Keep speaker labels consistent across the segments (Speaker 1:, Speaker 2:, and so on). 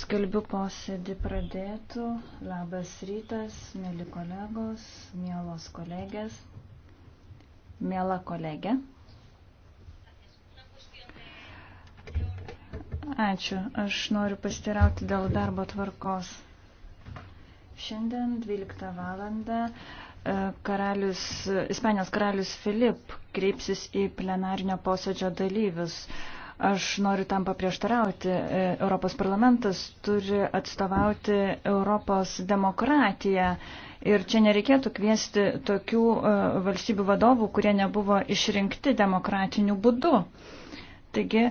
Speaker 1: Skelbiu posėdį pradėtų. Labas rytas, mėly kolegos, mielos kolegės,
Speaker 2: mėla kolegė.
Speaker 3: Ačiū. Aš noriu pasitirauti dėl darbo tvarkos. Šiandien 12 valandą e, karalius, Ispanijos karalius Filip kreipsis į plenarinio posėdžio dalyvius Aš noriu tam paprieštarauti. E, Europos parlamentas turi atstovauti Europos demokratiją. Ir čia nereikėtų kviesti tokių e, valstybių vadovų, kurie nebuvo išrinkti demokratiniu būdu. Taigi,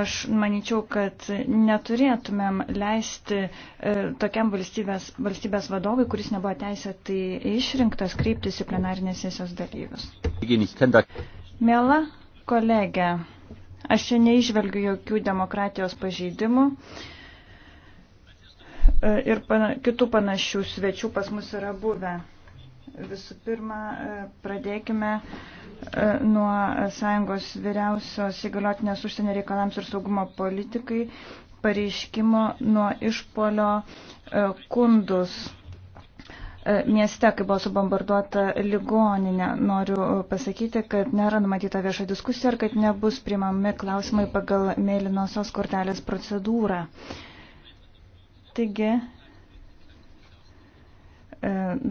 Speaker 3: aš manyčiau, kad neturėtumėm leisti e, tokiam valstybės, valstybės vadovui, kuris nebuvo teisėtai išrinktas, kreiptis į plenarinės sesijos dalyvius. Mėla kolegė, Aš čia neižvelgiu jokių demokratijos pažeidimų. E, ir pana, kitų panašių svečių pas mus yra buvę. Visų pirma, e, pradėkime e, nuo Sąjungos vyriausios įgaliotinės užsienio reikalams ir saugumo politikai pareiškimo nuo išpolio kundus mieste, kai buvo subombarduota ligoninė. Noriu pasakyti, kad nėra numatyta vieša diskusija ir kad nebus primami klausimai pagal mėlynosios kortelės procedūrą. Taigi, e,